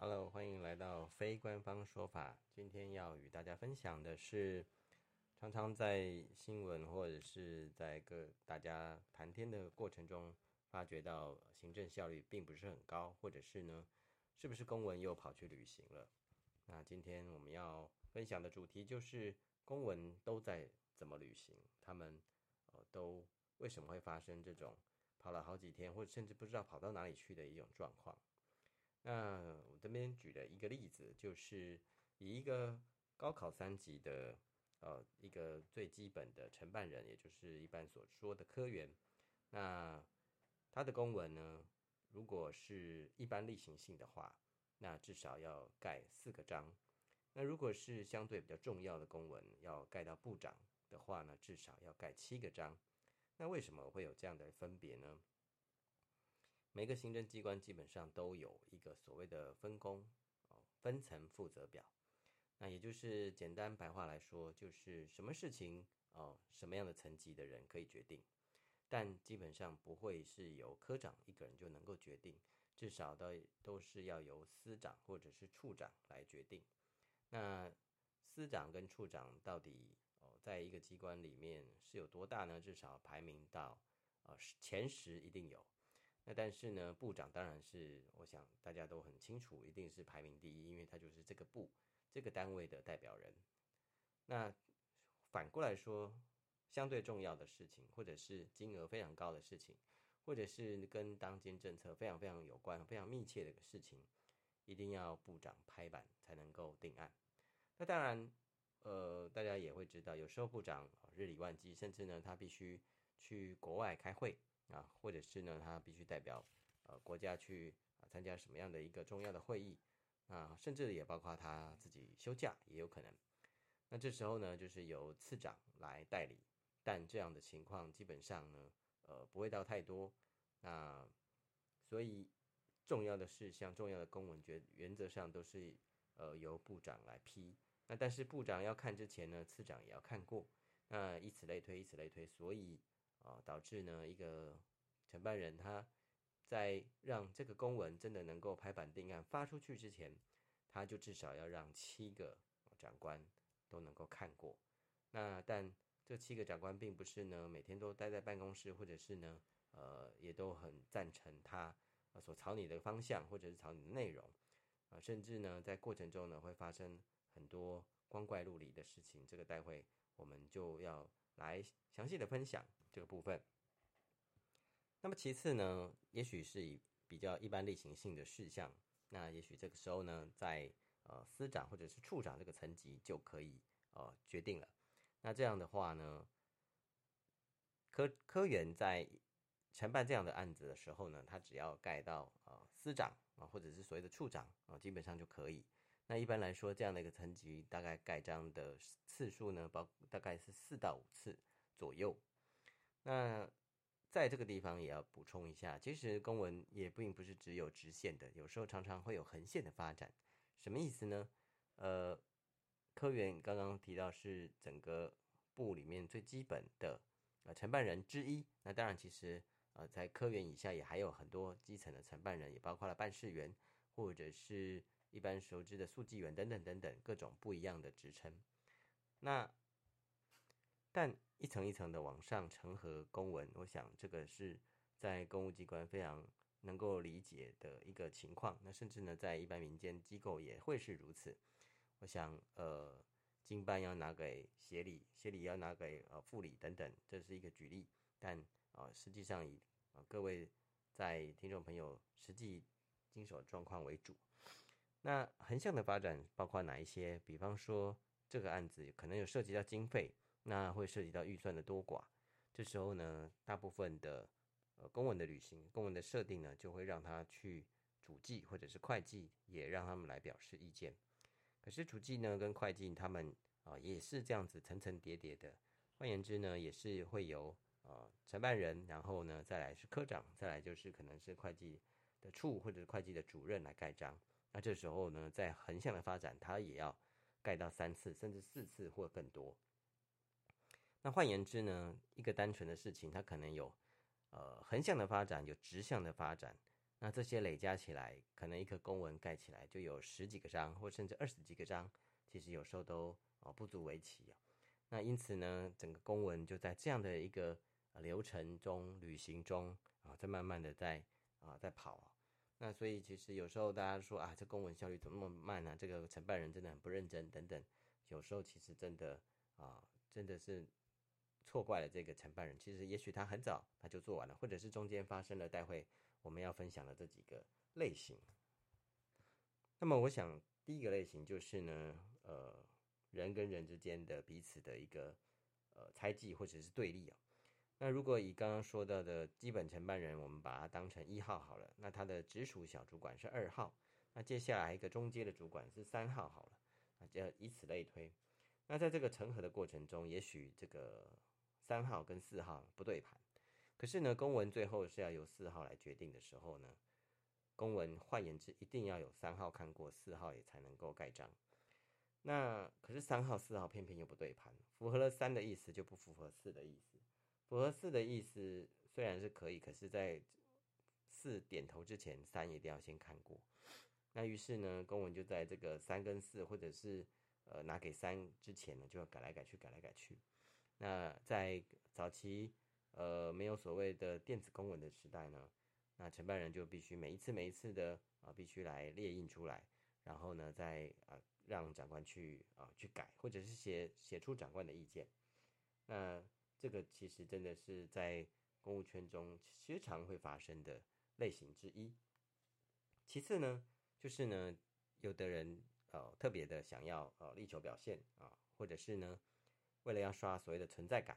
Hello，歡迎來到非官方說法。今天要與大家分享的是，常常在新聞或者是在跟大家談天的過程中，發覺到行政效率並不是很高，或者是呢，是不是公文又跑去旅行了？那今天我們要分享的主題就是公文都在怎麼旅行，他們呃都為什麼會發生這種跑了好幾天，或者甚至不知道跑到哪裡去的一種狀況？那我這邊舉了一個例子，就是以一個高考三級的，呃，一個最基本的承辦人，也就是一般所說的科員，那他的公文呢，如果是一般例行性的話，那至少要蓋四個章；那如果是相對比較重要的公文，要蓋到部長的話呢，至少要蓋七個章。那為什麼會有這樣的分別呢？每個行政機關基本上都有一個所謂的分工哦，分層負責表。那也就是簡單白話來說，就是什麼事情哦，什麼樣的層級的人可以決定，但基本上不會是由科長一個人就能夠決定，至少都都是要由司長或者是處長來決定。那司長跟處長到底哦，在一個機關裡面是有多大呢？至少排名到呃，哦，前十一定有。那但是呢，部長當然是我想大家都很清楚，一定是排名第一，因為他就是這個部，這個單位的代表人。那反過來說，相對重要的事情，或者是金額非常高的事情，或者是跟當今政策非常非常有關、非常密切的事情，一定要部長拍板才能夠定案。那當然，呃，大家也會知道，有時候部長日理萬機，甚至呢，他必須。去國外開會啊，或者是呢，他必須代表呃國家去參加什麼樣的一個重要的會議啊，甚至也包括他自己休假也有可能。那這時候呢，就是由次長來代理，但這樣的情況基本上呢，呃，不會到太多。那所以重要的事項、重要的公文決原則上都是呃由部長來批。那但是部長要看之前呢，次長也要看過。那以此類推，以此類推，所以。啊，導致呢，一個承辦人，他在讓這個公文真的能夠拍板定案發出去之前，他就至少要讓七個長官都能夠看過。那但這七個長官並不是呢每天都待在辦公室，或者是呢呃也都很贊成他所朝你的方向或者是朝你的內容啊、呃，甚至呢在過程中呢會發生很多光怪陸離的事情。這個待會我們就要來詳細的分享這個部分。那麼其次呢，也許是以比較一般例行性的事項，那也許這個時候呢，在呃司長或者是處長這個層級就可以呃決定了。那這樣的話呢，科科員在承辦這樣的案子的時候呢，他只要蓋到呃司長啊、呃，或者是所謂的處長啊、呃，基本上就可以。那一般來說，這樣的一個層級大概蓋章的次數呢，包大概是四到五次左右。那在這個地方也要補充一下，其實公文也並不是只有直線的，有時候常常會有橫線的發展。什麼意思呢？呃，科員剛剛提到是整個部裡面最基本的呃承辦人之一。那當然，其實呃，在科員以下也還有很多基層的承辦人，也包括了辦事員或者是。一般熟知的速記員等等等等各種不一樣的職稱，那但一層一層的往上呈核公文，我想這個是在公務機關非常能夠理解的一個情況。那甚至呢，在一般民間機構也會是如此。我想，呃，經辦要拿給協理，協理要拿給呃副理等等，這是一個舉例。但啊、呃，實際上以啊、呃、各位在聽眾朋友實際經手狀況為主。那橫向的發展包括哪一些？比方說，這個案子可能有涉及到經費，那會涉及到預算的多寡。這時候呢，大部分的呃公文的旅行、公文的設定呢，就會讓他去主計或者是會計，也讓他們來表示意見。可是主計呢跟會計他們啊、呃，也是這樣子層層疊疊疊的。換言之呢，也是會由呃承辦人，然後呢再來是科長，再來就是可能是會計的處或者是會計的主任來蓋章。那、啊、這時候呢，在橫向的發展，它也要蓋到三次，甚至四次或更多。那換言之呢，一個單純的事情，它可能有呃橫向的發展，有直向的發展。那這些累加起來，可能一個公文蓋起來就有十幾個章，或甚至二十幾個章，其實有時候都啊、呃、不足為奇啊。那因此呢，整個公文就在這樣的一個流程中、旅行中、呃慢慢呃、啊，在慢慢的在啊在跑。那所以其實有時候大家說啊，這公文效率怎麼那麼慢呢？這個承辦人真的很不認真等等。有時候其實真的啊，真的是錯怪了這個承辦人。其實也許他很早他就做完了，或者是中間發生了待會我們要分享的這幾個類型。那麼我想第一個類型就是呢，呃，人跟人之間的彼此的一個呃猜忌或者是對立啊。那如果以剛剛說到的基本承辦人，我們把他當成一號好了。那他的直屬小主管是二號，那接下來一個中階的主管是三號好了，啊，就以此類推。那在這個陳核的過程中，也許這個三號跟四號不對盤，可是呢，公文最後是要由四號來決定的時候呢，公文換言之，一定要有三號看過，四號也才能夠蓋章。那可是三號四號偏偏又不對盤，符合了三的意思就不符合四的意思。符合四的意思雖然是可以，可是，在四點頭之前，三一定要先看過。那於是呢，公文就在這個三跟四，或者是呃拿給三之前呢，就要改來改去，改來改去。那在早期呃沒有所謂的電子公文的時代呢，那承辦人就必須每一次每一次的啊、呃，必須來列印出來，然後呢，再啊、呃、讓長官去啊、呃、去改，或者是寫寫出長官的意見。那這個其實真的是在公務圈中時常會發生的類型之一。其次呢，就是呢，有的人呃特別的想要呃力求表現啊、呃，或者是呢為了要刷所謂的存在感，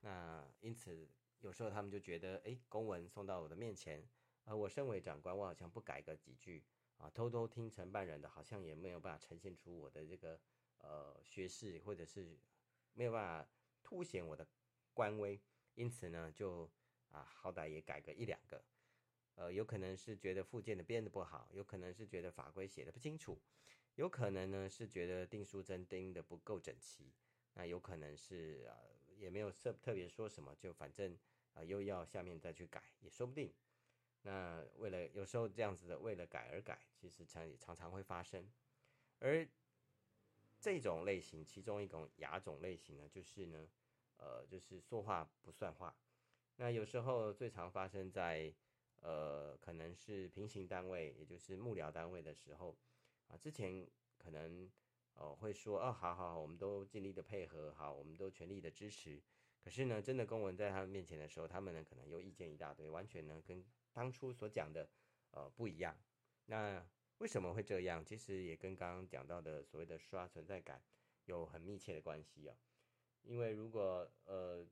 那因此有時候他們就覺得，哎，公文送到我的面前，而、呃、我身為長官，我好像不改個幾句啊、呃，偷偷聽承辦人的，好像也沒有辦法呈現出我的這個呃學識，或者是沒有辦法凸顯我的。官微，因此呢，就啊，好歹也改個一兩個，呃，有可能是覺得附件的編得不好，有可能是覺得法規寫得不清楚，有可能呢是覺得訂書針釘得不夠整齊，那有可能是啊，也沒有特特別說什麼，就反正啊又要下面再去改，也說不定。那為了有時候這樣子的為了改而改，其實常也常常會發生。而這種類型，其中一種亞種類型呢，就是呢。呃，就是說話不算話。那有時候最常發生在呃，可能是平行單位，也就是幕僚單位的時候啊。之前可能呃會說，哦，好好好，我們都盡力的配合，好，我們都全力的支持。可是呢，真的公文在他們面前的時候，他們呢可能又意見一大堆，完全呢跟當初所講的呃不一樣。那為什麼會這樣？其實也跟剛剛講到的所謂的刷存在感有很密切的關係哦。因為如果呃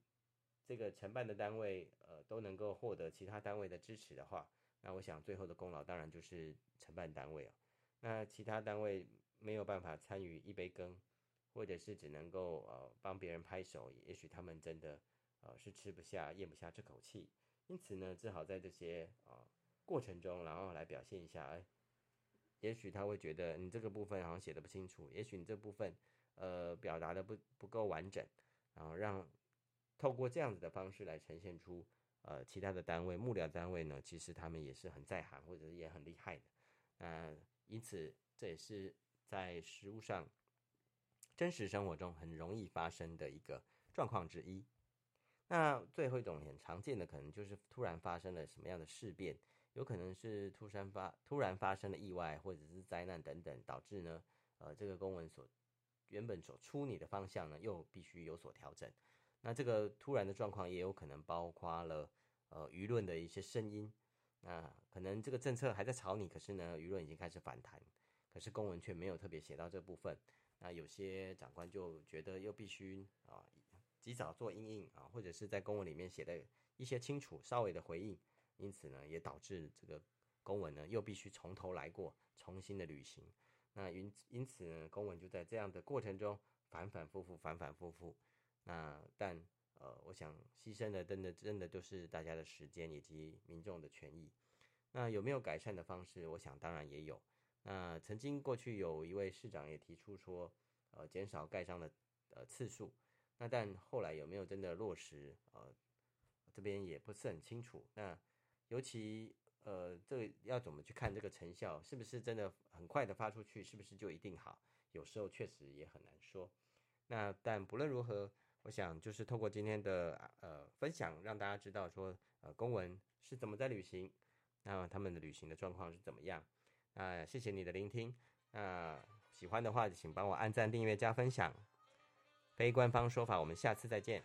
這個承辦的單位呃都能夠獲得其他單位的支持的話，那我想最後的功勞當然就是承辦單位啊。那其他單位沒有辦法參與一杯羹，或者是只能夠呃幫別人拍手，也許他們真的是呃是吃不下、嚥不下這口氣。因此呢，只好在這些呃過程中，然後來表現一下。哎，也許他會覺得你這個部分好像寫得不清楚，也許你這部分呃表達得不不夠完整。然後讓透過這樣子的方式來呈現出，呃，其他的單位、幕僚單位呢，其實他們也是很在行，或者也很厲害的，呃，因此這也是在實務上、真實生活中很容易發生的一個狀況之一。那最後一種很常見的，可能就是突然發生了什麼樣的事變，有可能是突然發、突然發生了意外或者是災難等等，導致呢，呃，這個公文所。原本所初擬的方向呢，又必須有所調整。那這個突然的狀況也有可能包括了呃輿論的一些聲音。那可能這個政策還在草擬，可是呢輿論已經開始反彈，可是公文卻沒有特別寫到這部分。那有些長官就覺得又必須啊及早做因應啊，或者是在公文裡面寫的一些清楚稍微的回應。因此呢，也導致這個公文呢又必須從頭來過，重新的旅行。那因因此呢，公文就在這樣的過程中反反復復，反反復復。那但呃，我想犧牲的真的真的就是大家的時間以及民眾的權益。那有沒有改善的方式？我想當然也有。那曾經過去有一位市長也提出說，呃，減少蓋章的呃次數。那但後來有沒有真的落實？呃，這邊也不是很清楚。那尤其。呃，這要怎麼去看這個成效？是不是真的很快的發出去？是不是就一定好？有時候確實也很難說。那但不論如何，我想就是通過今天的呃分享，讓大家知道說，呃，公文是怎麼在旅行，那他們的旅行的狀況是怎麼樣。啊、呃，謝謝你的聆聽。那、呃、喜歡的話，請幫我按讚、訂閱、加分享。非官方說法，我們下次再見。